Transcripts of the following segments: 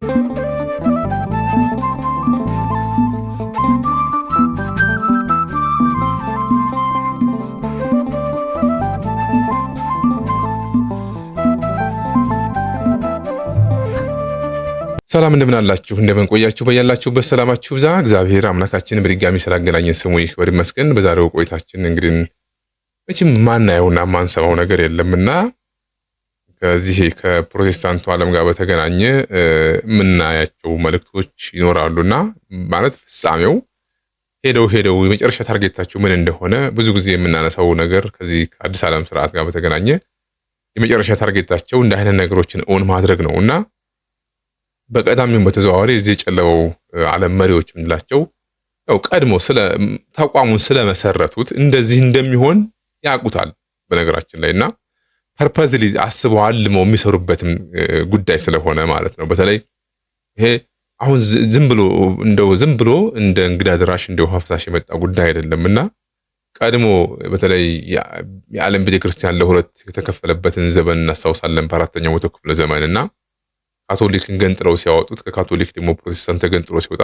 ሰላም እንደምን አላችሁ? እንደምን ቆያችሁ? በያላችሁበት ሰላማችሁ ብዛ። እግዚአብሔር አምላካችን በድጋሚ ስላገናኘን ስሙ ይክበር ይመስገን። በዛሬው ቆይታችን እንግዲህ መቼም ማናየውና ማንሰማው ነገር የለምና ከዚህ ከፕሮቴስታንቱ ዓለም ጋር በተገናኘ የምናያቸው መልእክቶች ይኖራሉና ማለት ፍጻሜው ሄደው ሄደው የመጨረሻ ታርጌታቸው ምን እንደሆነ ብዙ ጊዜ የምናነሳው ነገር ከዚህ ከአዲስ ዓለም ስርዓት ጋር በተገናኘ የመጨረሻ ታርጌታቸው እንደ አይነት ነገሮችን እውን ማድረግ ነው እና በቀዳሚውም በተዘዋዋሪ የዚህ የጨለመው ዓለም መሪዎች የምንላቸው ያው ቀድሞ ተቋሙን ስለመሰረቱት እንደዚህ እንደሚሆን ያውቁታል በነገራችን ላይ እና ፐርፐዝሊ አስበው አልመው የሚሰሩበትም ጉዳይ ስለሆነ ማለት ነው። በተለይ ይሄ አሁን ዝም ብሎ እንደው ዝም ብሎ እንደ እንግዳ ድራሽ እንደ ውሃ ፈሳሽ የመጣ ጉዳይ አይደለም እና ቀድሞ በተለይ የዓለም ቤተክርስቲያን ለሁለት የተከፈለበትን ዘመን እናስታውሳለን። በአራተኛው መቶ ክፍለ ዘመን እና ካቶሊክን ገንጥለው ሲያወጡት ከካቶሊክ ደግሞ ፕሮቴስታንት ተገንጥሎ ሲወጣ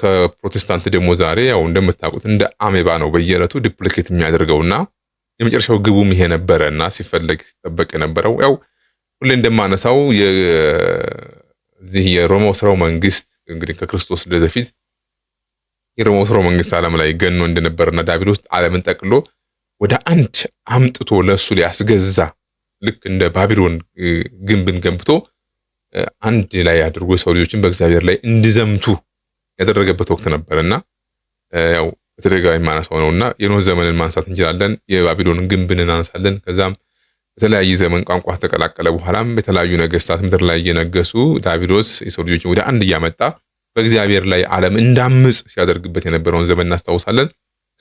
ከፕሮቴስታንት ደግሞ ዛሬ ያው እንደምታውቁት እንደ አሜባ ነው በየዕለቱ ዲፕሊኬት እና። የመጨረሻው ግቡም ይሄ ነበረ እና ሲፈለግ ሲጠበቅ የነበረው ያው ሁሌ እንደማነሳው እዚህ የሮማው ስራው መንግስት እንግዲህ ከክርስቶስ ልደት በፊት የሮማው ስራው መንግስት ዓለም ላይ ገኖ እንደነበረና ውስጥ ዓለምን ጠቅሎ ወደ አንድ አምጥቶ ለእሱ ሊያስገዛ ልክ እንደ ባቢሎን ግንብን ገንብቶ አንድ ላይ አድርጎ የሰው ልጆችን በእግዚአብሔር ላይ እንዲዘምቱ ያደረገበት ወቅት ነበር እና ያው በተደጋጋሚ ማነሳው ነው እና የኖህ ዘመንን ማንሳት እንችላለን። የባቢሎንን ግንብን እናነሳለን። ከዛም በተለያየ ዘመን ቋንቋ ተቀላቀለ። በኋላም የተለያዩ ነገስታት ምድር ላይ እየነገሱ ዳቢሎስ የሰው ልጆችን ወደ አንድ እያመጣ በእግዚአብሔር ላይ ዓለም እንዳምፅ ሲያደርግበት የነበረውን ዘመን እናስታውሳለን።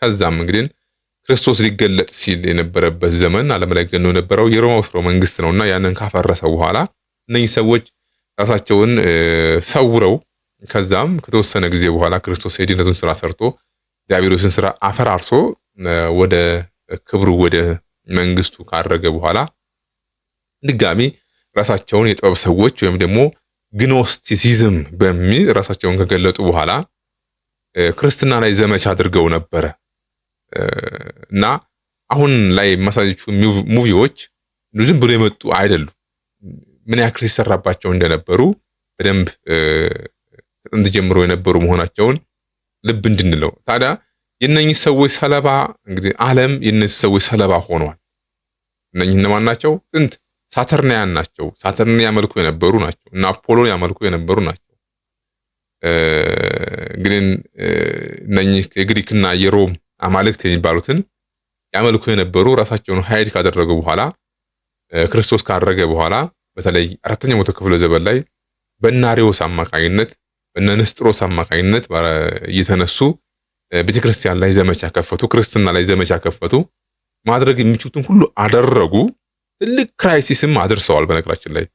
ከዛም እንግዲህ ክርስቶስ ሊገለጥ ሲል የነበረበት ዘመን ዓለም ላይ ገኖ የነበረው የሮማ ስርወ መንግስት ነው እና ያንን ካፈረሰ በኋላ እነኚህ ሰዎች ራሳቸውን ሰውረው ከዛም ከተወሰነ ጊዜ በኋላ ክርስቶስ የድነቱን ስራ ሰርቶ ዲያብሎስን ስራ አፈራርሶ ወደ ክብሩ ወደ መንግስቱ ካረገ በኋላ ድጋሚ ራሳቸውን የጥበብ ሰዎች ወይም ደግሞ ግኖስቲሲዝም በሚል ራሳቸውን ከገለጡ በኋላ ክርስትና ላይ ዘመቻ አድርገው ነበረ እና አሁን ላይ የማሳያችሁ ሙቪዎች ዝም ብሎ የመጡ አይደሉም። ምን ያክል ሲሰራባቸው እንደነበሩ በደንብ ጥንት ጀምሮ የነበሩ መሆናቸውን ልብ እንድንለው ታዲያ የእነኚህ ሰዎች ሰለባ እንግዲህ ዓለም የእነዚህ ሰዎች ሰለባ ሆኗል። እነኚህ እነማን ናቸው? ጥንት ሳተርናያን ናቸው። ሳተርን ያመልኩ የነበሩ ናቸው እና አፖሎን ያመልኩ የነበሩ ናቸው። ግን እነኚህ የግሪክና የሮም አማልክት የሚባሉትን ያመልኩ የነበሩ ራሳቸውን ሀይድ ካደረጉ በኋላ ክርስቶስ ካረገ በኋላ በተለይ አራተኛው መቶ ክፍለ ዘመን ላይ በናሪዎስ አማካኝነት በእነ ንስጥሮስ አማካኝነት እየተነሱ ቤተክርስቲያን ላይ ዘመቻ ከፈቱ፣ ክርስትና ላይ ዘመቻ ከፈቱ። ማድረግ የሚችሉትን ሁሉ አደረጉ። ትልቅ ክራይሲስም አድርሰዋል። በነገራችን ላይ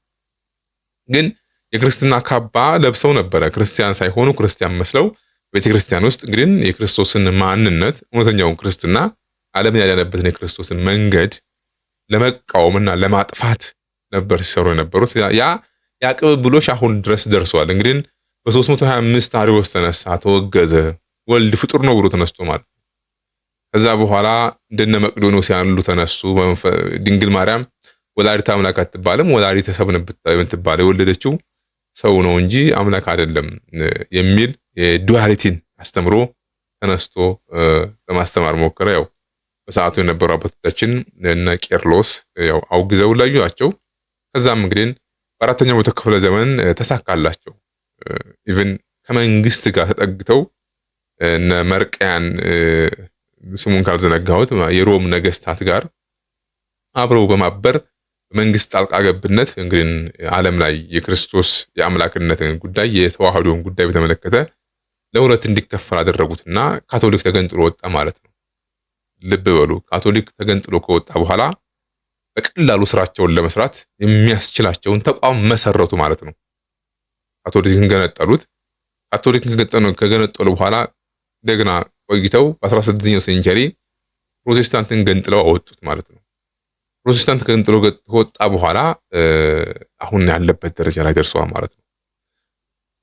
ግን የክርስትና ካባ ለብሰው ነበረ። ክርስቲያን ሳይሆኑ ክርስቲያን መስለው ቤተክርስቲያን ውስጥ እንግዲህ የክርስቶስን ማንነት እውነተኛውን ክርስትና ዓለምን ያዳነበትን የክርስቶስን መንገድ ለመቃወምና ለማጥፋት ነበር ሲሰሩ የነበሩት። ያ ያ ቅብብሎሽ አሁን ድረስ ደርሰዋል። እንግዲህ በ325 አሪዎስ ተነሳ፣ ተወገዘ። ወልድ ፍጡር ነው ብሎ ተነስቶ ማለት ነው። ከዛ በኋላ እንደነ መቅዶኖስ ያሉ ተነሱ። ድንግል ማርያም ወላዲተ አምላክ አትባልም፣ ወላዲተ ሰብእ ብትባል የወለደችው ሰው ነው እንጂ አምላክ አይደለም የሚል የዱዋሊቲን አስተምሮ ተነስቶ ለማስተማር ሞከረ። ያው በሰዓቱ የነበሩ አባቶቻችን እነ ቄርሎስ ያው አውግዘው ላዩቸው። ከዛም እንግዲህ በአራተኛው መቶ ክፍለ ዘመን ተሳካላቸው። ኢቨን uh, ከመንግስት ጋር ተጠግተው እነ መርቅያን uh, ስሙን ካልዘነጋሁት የሮም ነገስታት ጋር አብረው በማበር መንግስት ጣልቃ ገብነት እንግዲህ ዓለም ላይ የክርስቶስ የአምላክነትን ጉዳይ የተዋህዶን ጉዳይ በተመለከተ ለሁለት እንዲከፈል አደረጉትና ካቶሊክ ተገንጥሎ ወጣ ማለት ነው። ልብ በሉ፣ ካቶሊክ ተገንጥሎ ከወጣ በኋላ በቀላሉ ስራቸውን ለመስራት የሚያስችላቸውን ተቋም መሰረቱ ማለት ነው። ካቶሊክን ገነጠሉት። ካቶሊክን ከገነጠሉ በኋላ እንደገና ቆይተው በ16ኛው ሴንቸሪ ፕሮቴስታንትን ገንጥለው አወጡት ማለት ነው። ፕሮቴስታንት ገንጥሎ ከወጣ በኋላ አሁን ያለበት ደረጃ ላይ ደርሰዋል ማለት ነው።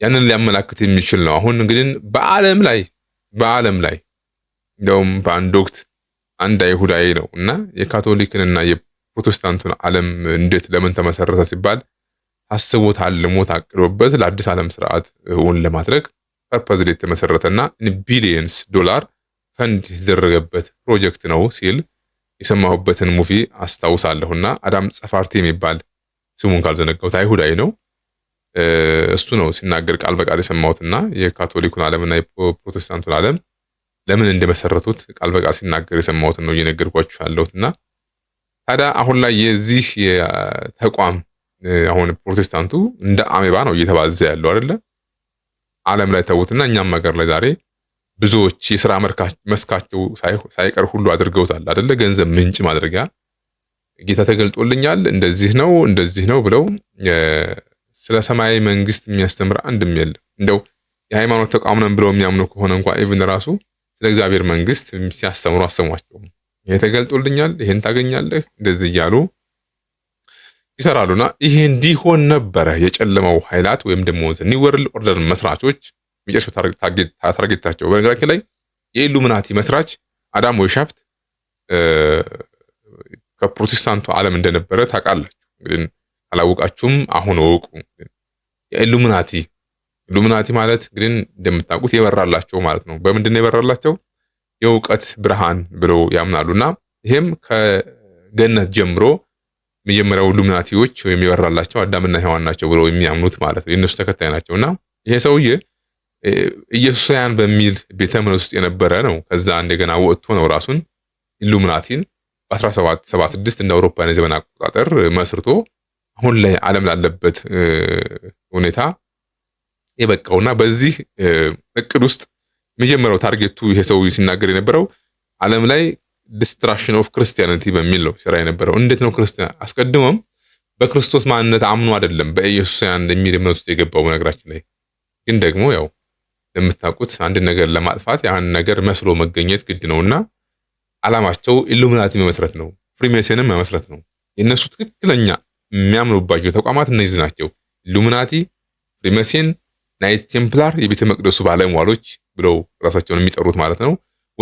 ያንን ሊያመላክት የሚችል ነው። አሁን እንግዲህ በዓለም ላይ በዓለም ላይ እንደውም በአንድ ወቅት አንድ አይሁዳዊ ነው እና የካቶሊክንና የፕሮቴስታንቱን ዓለም እንዴት ለምን ተመሰረተ ሲባል አስቦት አልሞት አቅዶበት ለአዲስ ዓለም ስርዓት እውን ለማድረግ ፐርፐዝ የተመሰረተና ቢሊየንስ ዶላር ፈንድ የተደረገበት ፕሮጀክት ነው ሲል የሰማሁበትን ሙቪ አስታውሳለሁና አዳም ጸፋርቲ የሚባል ስሙን ካልዘነጋሁት አይሁዳዊ ነው። እሱ ነው ሲናገር ቃል በቃል የሰማሁትና የካቶሊኩን ዓለምና የፕሮቴስታንቱን ዓለም ለምን እንደመሰረቱት ቃል በቃል ሲናገር የሰማሁትን ነው እየነገርኳችሁ ያለሁትና ታዲያ አሁን ላይ የዚህ ተቋም አሁን ፕሮቴስታንቱ እንደ አሜባ ነው እየተባዘ ያለው አይደለ? ዓለም ላይ ተውትና እኛም ሀገር ላይ ዛሬ ብዙዎች የስራ መስካቸው ሳይቀር ሁሉ አድርገውታል አይደለ? ገንዘብ ምንጭ ማድረጊያ ጌታ ተገልጦልኛል፣ እንደዚህ ነው እንደዚህ ነው ብለው ስለ ሰማያዊ መንግስት የሚያስተምር አንድም የለም። እንደው የሃይማኖት ተቋም ነን ብለው የሚያምኑ ከሆነ እንኳ ኢቭን ራሱ ስለ እግዚአብሔር መንግስት ሲያስተምሩ አሰሟቸውም። ይሄ ተገልጦልኛል፣ ይሄን ታገኛለህ እንደዚህ እያሉ ይሰራሉና ይሄ እንዲሆን ነበረ የጨለመው ኃይላት ወይም ደግሞ ኒው ወርልድ ኦርደር መስራቾች መጨረሻው ታርጌታቸው። በነገራችን ላይ የኢሉሚናቲ መስራች አዳም ወይሻፍት ከፕሮቴስታንቱ ዓለም እንደነበረ ታውቃላችሁ። እንግዲህ አላወቃችሁም፣ አሁን እወቁ። የኢሉሚናቲ ኢሉሚናቲ ማለት እንግዲህ እንደምታውቁት የበራላቸው ማለት ነው። በምንድን ነው የበራላቸው? የእውቀት ብርሃን ብለው ያምናሉና ይሄም ከገነት ጀምሮ መጀመሪያው ሉሚናቲዎች ወይም የበራላቸው አዳምና ሔዋን ናቸው ብለው የሚያምኑት ማለት ነው። የእነሱ ተከታይ ናቸው እና ይሄ ሰውዬ ኢየሱሳውያን በሚል ቤተ እምነት ውስጥ የነበረ ነው። ከዛ እንደገና ወጥቶ ነው ራሱን ኢሉሚናቲን በ1776 እንደ አውሮፓውያን የዘመን አቆጣጠር መስርቶ አሁን ላይ ዓለም ላለበት ሁኔታ የበቃውና በዚህ እቅድ ውስጥ መጀመሪያው ታርጌቱ ይሄ ሰው ሲናገር የነበረው ዓለም ላይ ዲስትራክሽን ኦፍ ክርስቲያንቲ በሚል ነው ሲራ የነበረው። እንዴት ነው ክርስቲያን? አስቀድሞም በክርስቶስ ማንነት አምኖ አይደለም በኢየሱስ ያን የሚል እምነት ውስጥ የገባው። በነገራችን ላይ ግን ደግሞ ያው እንደምታውቁት አንድ ነገር ለማጥፋት ያን ነገር መስሎ መገኘት ግድ ነውና አላማቸው ኢሉሚናቲ መመስረት ነው፣ ፍሪሜሰንን መመስረት ነው። የእነሱ ትክክለኛ የሚያምኑባቸው ተቋማት እነዚህ ናቸው። ኢሉሚናቲ፣ ፍሪሜሰን፣ ናይት ቴምፕላር የቤተ መቅደሱ ባለሟሎች ብለው ራሳቸውን የሚጠሩት ማለት ነው።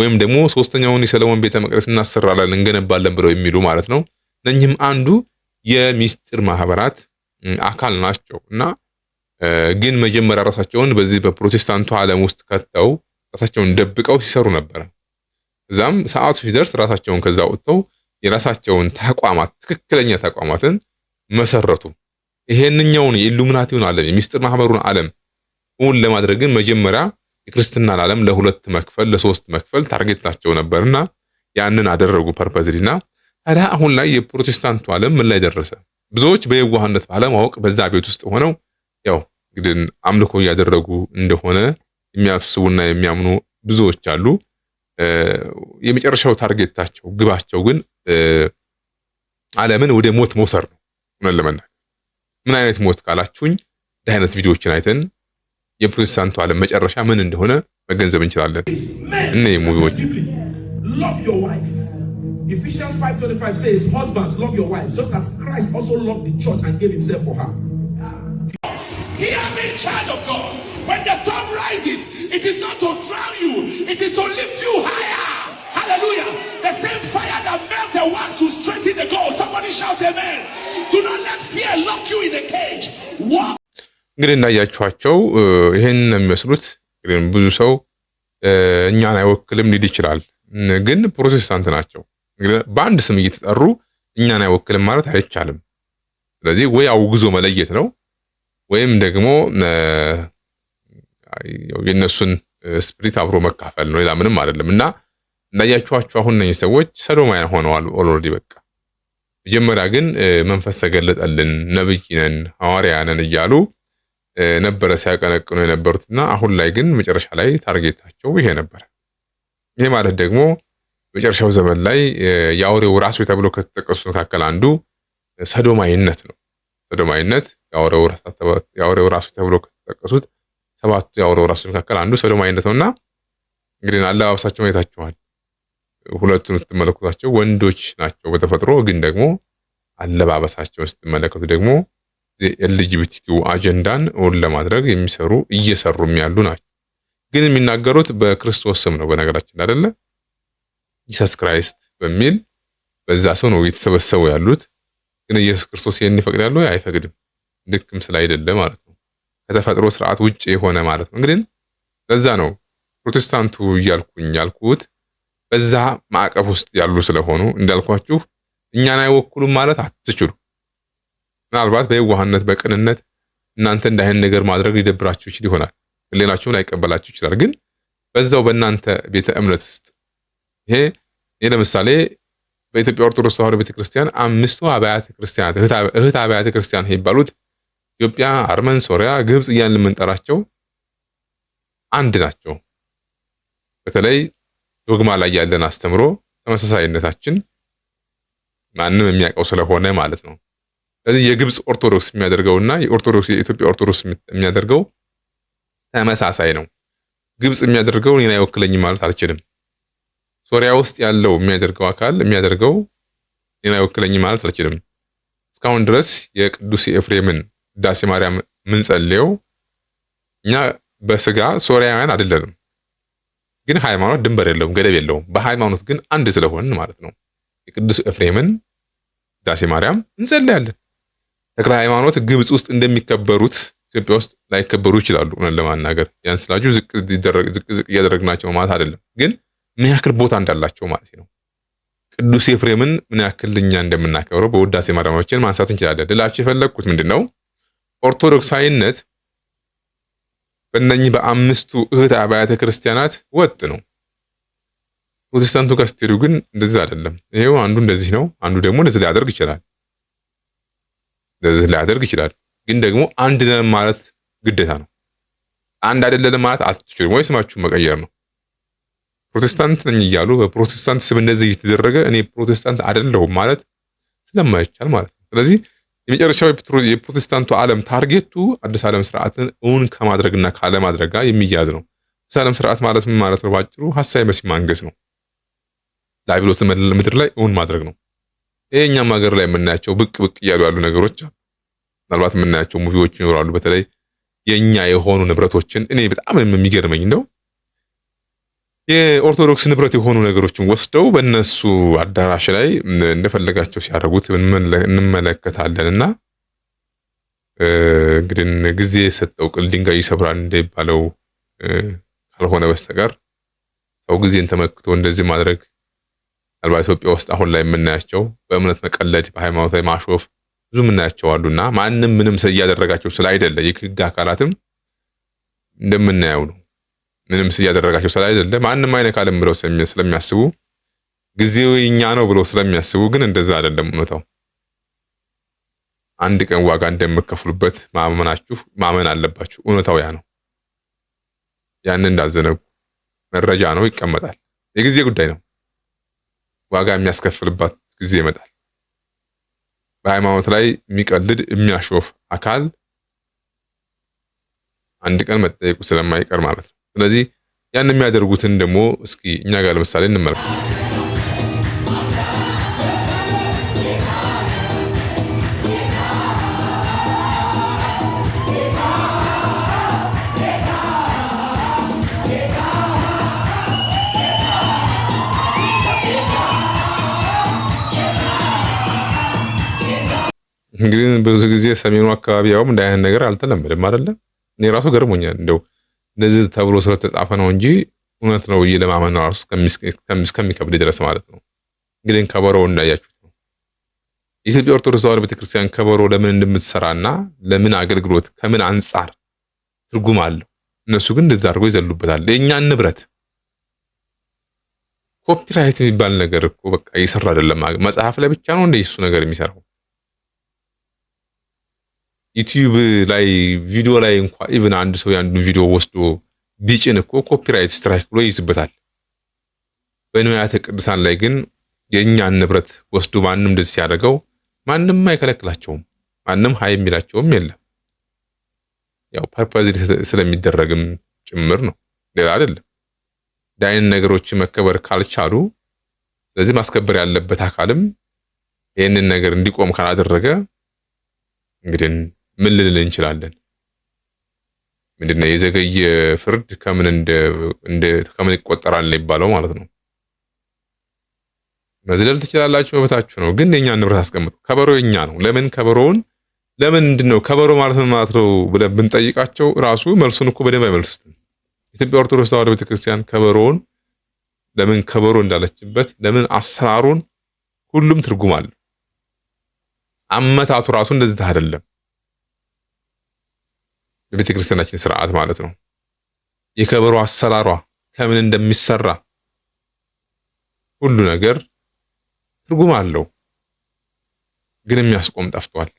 ወይም ደግሞ ሶስተኛውን የሰለሞን ቤተ መቅደስ እናሰራለን እንገነባለን ብለው የሚሉ ማለት ነው። እነኚህም አንዱ የሚስጥር ማህበራት አካል ናቸው እና ግን መጀመሪያ ራሳቸውን በዚህ በፕሮቴስታንቱ ዓለም ውስጥ ከተው ራሳቸውን ደብቀው ሲሰሩ ነበር። እዛም ሰዓቱ ሲደርስ ራሳቸውን ከዛ ወጥተው የራሳቸውን ተቋማት ትክክለኛ ተቋማትን መሰረቱ። ይሄንኛውን የኢሉሚናቲውን ዓለም የሚስጥር ማህበሩን ዓለም እውን ለማድረግ ግን መጀመሪያ የክርስትናን ዓለም ለሁለት መክፈል ለሶስት መክፈል ታርጌታቸው ነበርና ያንን አደረጉ ፐርፐዝሊና። ታዲያ አሁን ላይ የፕሮቴስታንቱ ዓለም ምን ላይ ደረሰ? ብዙዎች በየዋህነት ባለማወቅ በዛ ቤት ውስጥ ሆነው ያው እንግዲህ አምልኮ እያደረጉ እንደሆነ የሚያስቡና የሚያምኑ ብዙዎች አሉ። የመጨረሻው ታርጌታቸው ግባቸው ግን ዓለምን ወደ ሞት መውሰድ ነው። ምን ለመናገር ምን አይነት ሞት ካላችሁኝ እንደ አይነት ቪዲዮዎችን አይተን የፕሮቴስታንቱ ዓለም መጨረሻ ምን እንደሆነ መገንዘብ እንችላለን። እነ ሙቪዎች እንግዲህ እንዳያችኋቸው ይህን ነው የሚመስሉት። ብዙ ሰው እኛን አይወክልም ሊድ ይችላል፣ ግን ፕሮቴስታንት ናቸው። በአንድ ስም እየተጠሩ እኛን አይወክልም ማለት አይቻልም። ስለዚህ ወይ አውግዞ መለየት ነው ወይም ደግሞ የእነሱን ስፕሪት አብሮ መካፈል ነው። ሌላ ምንም አይደለም። እና እንዳያችኋቸው አሁን ነኝ ሰዎች ሰዶማያን ሆነዋል ኦልሬዲ በቃ መጀመሪያ ግን መንፈስ ተገለጠልን፣ ነብይ ነን፣ ሐዋርያ ነን እያሉ ነበረ ሲያቀነቅኑ የነበሩትና አሁን ላይ ግን መጨረሻ ላይ ታርጌታቸው ይሄ ነበር። ይህ ማለት ደግሞ መጨረሻው ዘመን ላይ የአውሬው ራሱ ተብሎ ከተጠቀሱ መካከል አንዱ ሰዶማይነት ነው። ሰዶማይነት የአውሬው ራሱ ተብሎ ከተጠቀሱት ሰባቱ የአውሬው ራሶች መካከል አንዱ ሰዶማይነት ነው እና እንግዲህ አለባበሳቸው ማየታችኋል። ሁለቱን ስትመለከቷቸው ወንዶች ናቸው በተፈጥሮ ግን ደግሞ አለባበሳቸውን ስትመለከቱ ደግሞ ኤልጂቢቲኪው አጀንዳን እውን ለማድረግ የሚሰሩ እየሰሩም ያሉ ናቸው። ግን የሚናገሩት በክርስቶስ ስም ነው። በነገራችን አይደለ ኢየሱስ ክራይስት በሚል በዛ ሰው ነው እየተሰበሰቡ ያሉት። ግን ኢየሱስ ክርስቶስ ይህን ይፈቅድ ያለው አይፈቅድም። ልክም ስላይደለ ማለት ነው። ከተፈጥሮ ስርዓት ውጭ የሆነ ማለት ነው። እንግዲህ ለዛ ነው ፕሮቴስታንቱ እያልኩኝ ያልኩት በዛ ማዕቀፍ ውስጥ ያሉ ስለሆኑ እንዳልኳችሁ እኛን አይወክሉም ማለት አትችሉ። ምናልባት በየዋህነት በቅንነት እናንተ እንደ አይነት ነገር ማድረግ ሊደብራችሁ ይችል ይሆናል። ሌላችሁም ላይቀበላችሁ ይችላል። ግን በዛው በእናንተ ቤተ እምነት ውስጥ ይሄ ይህ ለምሳሌ በኢትዮጵያ ኦርቶዶክስ ተዋሕዶ ቤተክርስቲያን አምስቱ አብያተ ክርስቲያናት እህት አብያተ ክርስቲያን የሚባሉት ኢትዮጵያ፣ አርመን፣ ሶሪያ፣ ግብፅ እያን የምንጠራቸው አንድ ናቸው። በተለይ ዶግማ ላይ ያለን አስተምሮ ተመሳሳይነታችን ማንም የሚያውቀው ስለሆነ ማለት ነው። ስለዚህ የግብፅ ኦርቶዶክስ የሚያደርገውና የኦርቶዶክስ የኢትዮጵያ ኦርቶዶክስ የሚያደርገው ተመሳሳይ ነው። ግብፅ የሚያደርገው እኔን አይወክለኝም ማለት አልችልም። ሶሪያ ውስጥ ያለው የሚያደርገው አካል የሚያደርገው እኔን አይወክለኝም ማለት አልችልም። እስካሁን ድረስ የቅዱስ ኤፍሬምን ዳሴ ማርያም ምንጸልየው እኛ በስጋ ሶሪያውያን አይደለንም፣ ግን ሃይማኖት ድንበር የለውም ገደብ የለውም። በሃይማኖት ግን አንድ ስለሆንን ማለት ነው። የቅዱስ ኤፍሬምን ዳሴ ማርያም እንጸልያለን። ተክለ ሃይማኖት ግብፅ ውስጥ እንደሚከበሩት ኢትዮጵያ ውስጥ ላይከበሩ ይችላሉ። እውነት ለማናገር ያን ስላችሁ ዝቅ ዝቅ እያደረግናቸው ማለት አይደለም፣ ግን ምን ያክል ቦታ እንዳላቸው ማለት ነው። ቅዱስ ኤፍሬምን ምን ያክል እኛ እንደምናከብረው በውዳሴ ማርያማችን ማንሳት እንችላለን። ልላችሁ የፈለግኩት ምንድን ነው ኦርቶዶክሳዊነት በእነኚህ በአምስቱ እህት አብያተ ክርስቲያናት ወጥ ነው። ፕሮቴስታንቱ ጋር ስትሄዱ ግን እንደዚህ አይደለም። ይሄው አንዱ እንደዚህ ነው፣ አንዱ ደግሞ እንደዚህ ሊያደርግ ይችላል። ለዚህ ሊያደርግ ይችላል። ግን ደግሞ አንድ ነን ማለት ግዴታ ነው። አንድ አይደለንም ማለት አትችሉም፣ ወይ ስማችሁ መቀየር ነው። ፕሮቴስታንት ነኝ እያሉ በፕሮቴስታንት ስም እንደዚህ እየተደረገ እኔ ፕሮቴስታንት አይደለሁም ማለት ስለማይቻል ማለት ነው። ስለዚህ የመጨረሻው የፕሮቴስታንቱ ዓለም ታርጌቱ አዲስ ዓለም ስርዓትን እውን ከማድረግና ካለማድረግ ጋር የሚያያዝ ነው። አዲስ ዓለም ስርዓት ማለት ምን ማለት ነው? ባጭሩ ሐሳዊ መሲህ ማንገስ ነው። ዳቢሎትን ምድር ላይ እውን ማድረግ ነው። ይሄ እኛም ሀገር ላይ የምናያቸው ብቅ ብቅ እያሉ ያሉ ነገሮች አሉ። ምናልባት የምናያቸው ሙቪዎች ይኖራሉ። በተለይ የእኛ የሆኑ ንብረቶችን እኔ በጣም የሚገርመኝ እንደው የኦርቶዶክስ ንብረት የሆኑ ነገሮችን ወስደው በእነሱ አዳራሽ ላይ እንደፈለጋቸው ሲያደርጉት እንመለከታለን። እና እንግዲህ ጊዜ ሰጠው ቅል ድንጋይ ይሰብራል እንደሚባለው ካልሆነ በስተቀር ሰው ጊዜን ተመክቶ እንደዚህ ማድረግ ምናልባት ኢትዮጵያ ውስጥ አሁን ላይ የምናያቸው በእምነት መቀለድ፣ በሃይማኖት ላይ ማሾፍ ብዙ የምናያቸው አሉና ማንም ምንም እያደረጋቸው ስላይደለ የህግ አካላትም እንደምናየው ነው። ምንም እያደረጋቸው ስላይደለ ማንም አይነካልም ብለው ስለሚያስቡ ጊዜው የኛ ነው ብለው ስለሚያስቡ ግን እንደዛ አይደለም እውነታው። አንድ ቀን ዋጋ እንደምከፍሉበት ማመናችሁ ማመን አለባችሁ። እውነታው ያ ነው። ያን እንዳዘነጉ መረጃ ነው፣ ይቀመጣል። የጊዜ ጉዳይ ነው። ዋጋ የሚያስከፍልባት ጊዜ ይመጣል። በሃይማኖት ላይ የሚቀልድ የሚያሾፍ አካል አንድ ቀን መጠየቁ ስለማይቀር ማለት ነው። ስለዚህ ያን የሚያደርጉትን ደግሞ እስኪ እኛ ጋር ለምሳሌ እንመለከት። እንግዲህ ብዙ ጊዜ ሰሜኑ አካባቢ ያውም እንደ አይነት ነገር አልተለመደም አይደለም። እኔ ራሱ ገርሞኛል። እንደው እንደዚህ ተብሎ ስለተጻፈ ነው እንጂ እውነት ነው ለማመን ነው ራሱ እስከሚከብድ ድረስ ማለት ነው። እንግዲህ ከበሮ እንዳያችሁት ነው የኢትዮጵያ ኦርቶዶክስ ተዋህዶ ቤተክርስቲያን ከበሮ ለምን እንደምትሰራና ለምን አገልግሎት ከምን አንጻር ትርጉም አለው። እነሱ ግን እንደዛ አድርገው ይዘሉበታል። የእኛን ንብረት ኮፒራይት የሚባል ነገር እኮ በቃ እየሰራ አይደለም። መጽሐፍ ላይ ብቻ ነው እንደ እሱ ነገር የሚሰራው ዩቲዩብ ላይ ቪዲዮ ላይ እንኳ ኢቨን አንድ ሰው የአንዱን ቪዲዮ ወስዶ ቢጭን እኮ ኮፒራይት ስትራይክ ብሎ ይይዝበታል። በንዋያተ ቅዱሳን ላይ ግን የእኛን ንብረት ወስዶ ማንም እንደዚህ ሲያደርገው ማንም አይከለክላቸውም፣ ማንም ሀይ የሚላቸውም የለም። ያው ፐርፐዝ ስለሚደረግም ጭምር ነው፣ ሌላ አይደለም። ዳይን ነገሮች መከበር ካልቻሉ ስለዚህ ማስከበር ያለበት አካልም ይህንን ነገር እንዲቆም ካላደረገ እንግዲህ ምን ልንል እንችላለን? ምንድነው የዘገየ ፍርድ ከምን ከምን ይቆጠራል የሚባለው ማለት ነው። መዝለል ትችላላችሁ፣ መብታችሁ ነው። ግን የኛ ንብረት አስቀምጡ። ከበሮ የኛ ነው። ለምን ከበሮውን ለምን ነው ከበሮ ማለት ምን ማለት ነው ብለን ብንጠይቃቸው ራሱ መልሱን እኮ በደንብ አይመልሱትም። ኢትዮጵያ ኦርቶዶክስ ተዋህዶ ቤተክርስቲያን ከበሮውን ለምን ከበሮ እንዳለችበት ለምን አሰራሩን ሁሉም ትርጉም አለ። አመታቱ ራሱ እንደዚህ አይደለም። የቤተክርስቲያናችን ክርስቲያናችን ስርዓት ማለት ነው። የከበሮ አሰራሯ ከምን እንደሚሰራ ሁሉ ነገር ትርጉም አለው። ግን የሚያስቆም ጠፍቷል።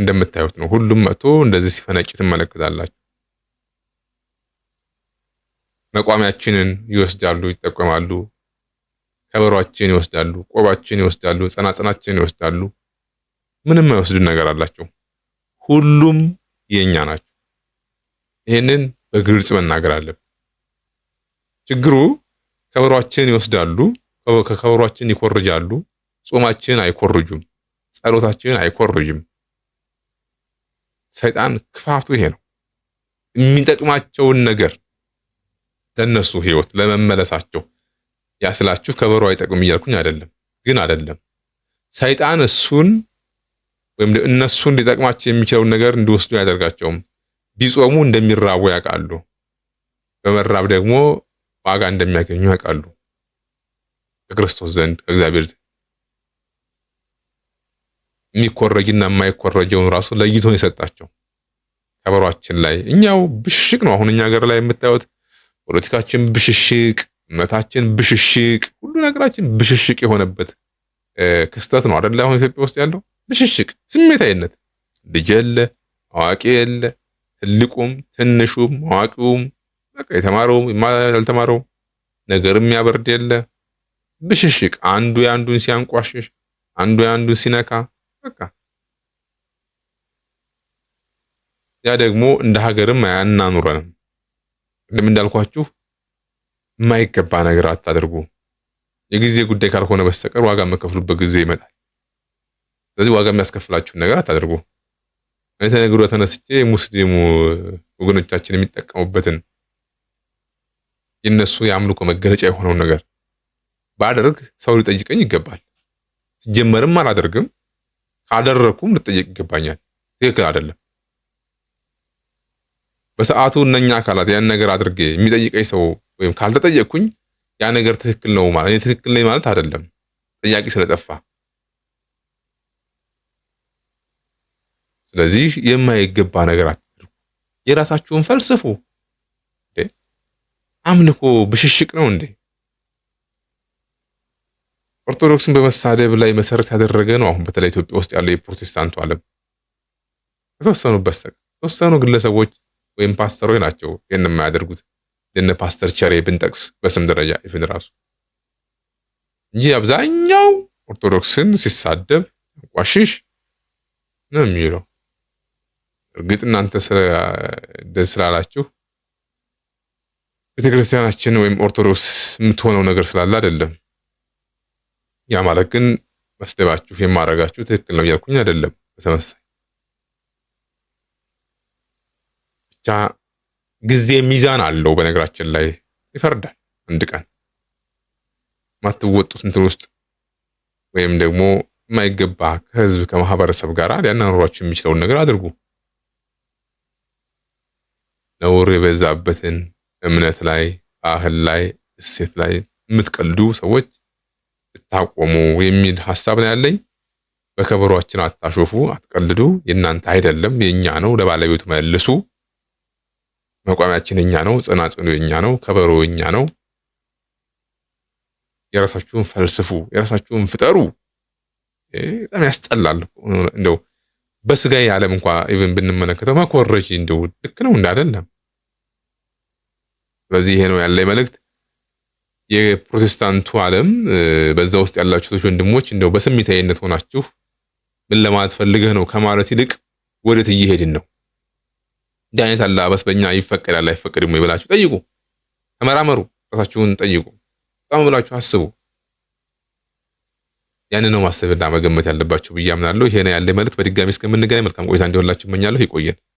እንደምታዩት ነው። ሁሉም መጥቶ እንደዚህ ሲፈነጭ ትመለከታላችሁ። መቋሚያችንን ይወስዳሉ፣ ይጠቀማሉ። ከበሯችን ይወስዳሉ፣ ቆባችን ይወስዳሉ፣ ጸናጽናችን ይወስዳሉ። ምንም አይወስዱን ነገር አላቸው። ሁሉም የኛ ናቸው። ይህንን በግልጽ መናገር አለብን። ችግሩ ከበሯችን ይወስዳሉ፣ ከከበሯችን ይኮርጃሉ። ጾማችን አይኮርጁም፣ ጸሎታችን አይኮርጅም። ሰይጣን ክፋቱ ይሄ ነው። የሚጠቅማቸውን ነገር ለነሱ ህይወት ለመመለሳቸው ያስላችሁ ከበሮ አይጠቅም እያልኩኝ አይደለም፣ ግን አይደለም ሰይጣን እሱን ወይም እነሱን ሊጠቅማቸው የሚችለውን ነገር እንዲወስዱ አያደርጋቸውም። ቢጾሙ እንደሚራቡ ያውቃሉ። በመራብ ደግሞ ዋጋ እንደሚያገኙ ያውቃሉ ከክርስቶስ ዘንድ ከእግዚአብሔር ዘንድ የሚኮረጅና የማይኮረጀውን ራሱ ለይቶ የሰጣቸው ከበሯችን ላይ እኛው ብሽሽቅ ነው። አሁን እኛ ሀገር ላይ የምታዩት ፖለቲካችን ብሽሽቅ፣ እምነታችን ብሽሽቅ፣ ሁሉ ነገራችን ብሽሽቅ የሆነበት ክስተት ነው አደለ? አሁን ኢትዮጵያ ውስጥ ያለው ብሽሽቅ፣ ስሜታዊነት፣ ልጅ የለ፣ አዋቂ የለ ትልቁም ትንሹም አዋቂውም በቃ የተማረውም ያልተማረው ነገር የሚያበርድ የለ ብሽሽቅ፣ አንዱ የአንዱን ሲያንቋሽሽ፣ አንዱ የአንዱን ሲነካ በቃ ያ ደግሞ እንደ ሀገርም አያናኑረንም። ቅድም እንዳልኳችሁ የማይገባ ነገር አታድርጉ። የጊዜ ጉዳይ ካልሆነ በስተቀር ዋጋ የምከፍሉበት ጊዜ ይመጣል። ስለዚህ ዋጋ የሚያስከፍላችሁን ነገር አታድርጉ። ተነግሮ ተነስቼ ሙስሊሙ ወገኖቻችን የሚጠቀሙበትን የነሱ የአምልኮ መገለጫ የሆነውን ነገር ባደርግ ሰው ሊጠይቀኝ ይገባል። ሲጀመርም አላደርግም፣ ካደረኩም ልጠየቅ ይገባኛል። ትክክል አይደለም። በሰዓቱ እነኛ አካላት ያን ነገር አድርጌ የሚጠይቀኝ ሰው ወይም ካልተጠየቅኩኝ ያ ነገር ትክክል ነው ማለት ትክክል ነኝ ማለት አይደለም። ጥያቄ ስለጠፋ ስለዚህ የማይገባ ነገር አትሉ፣ የራሳችሁን ፈልስፉ። አምልኮ ብሽሽቅ ነው እንዴ? ኦርቶዶክስን በመሳደብ ላይ መሰረት ያደረገ ነው። አሁን በተለይ ኢትዮጵያ ውስጥ ያለው የፕሮቴስታንቱ ዓለም ከተወሰኑ በስተቀር የተወሰኑ ግለሰቦች ወይም ፓስተሮች ናቸው ይህን የማያደርጉት። ለነ ፓስተር ቸሬ ብንጠቅስ በስም ደረጃ ይፍን ራሱ እንጂ አብዛኛው ኦርቶዶክስን ሲሳደብ ቋሽሽ ነው የሚለው። እርግጥ እናንተ ደስ ስላላችሁ ቤተክርስቲያናችን ወይም ኦርቶዶክስ የምትሆነው ነገር ስላለ አይደለም። ያ ማለት ግን መስደባችሁ የማረጋችሁ ትክክል ነው እያልኩኝ አይደለም። በተመሳሳይ ብቻ ጊዜ ሚዛን አለው። በነገራችን ላይ ይፈርዳል። አንድ ቀን የማትወጡት እንትን ውስጥ ወይም ደግሞ የማይገባ ከህዝብ ከማህበረሰብ ጋር ሊያናኖሯችሁ የሚችለውን ነገር አድርጉ። ነውር የበዛበትን እምነት ላይ፣ ባህል ላይ፣ እሴት ላይ የምትቀልዱ ሰዎች ብታቆሙ የሚል ሀሳብ ነው ያለኝ። በከበሯችን አታሾፉ፣ አትቀልዱ። የእናንተ አይደለም የእኛ ነው። ለባለቤቱ መልሱ። መቋሚያችን የኛ ነው። ጽናጽኑ የኛ ነው። ከበሮ የኛ ነው። የራሳችሁን ፈልስፉ፣ የራሳችሁን ፍጠሩ። በጣም ያስጠላል እንደው በስጋዬ ዓለም እንኳ ኢቭን ብንመለከተው መኮረጅ እንደው ልክ ነው እንዳደለም። ስለዚህ ይሄ ነው ያለ መልእክት። የፕሮቴስታንቱ ዓለም በዛ ውስጥ ያላችሁት ወንድሞች እንደው በስሜታዊነት ሆናችሁ ምን ለማለት ፈልገህ ነው ከማለት ይልቅ ወዴት እየሄድን ነው፣ እንዲህ አይነት አለባበስ በእኛ ይፈቀዳል አይፈቀድም ብላችሁ ጠይቁ፣ ተመራመሩ፣ ራሳችሁን ጠይቁ፣ በጣም ብላችሁ አስቡ። ያንን ነው ማሰብና መገመት ያለባችሁ ብዬ አምናለሁ። ይሄ ያለ መልእክት። በድጋሚ እስከምንገናኝ መልካም ቆይታ እንዲሆንላችሁ እመኛለሁ። ይቆየን።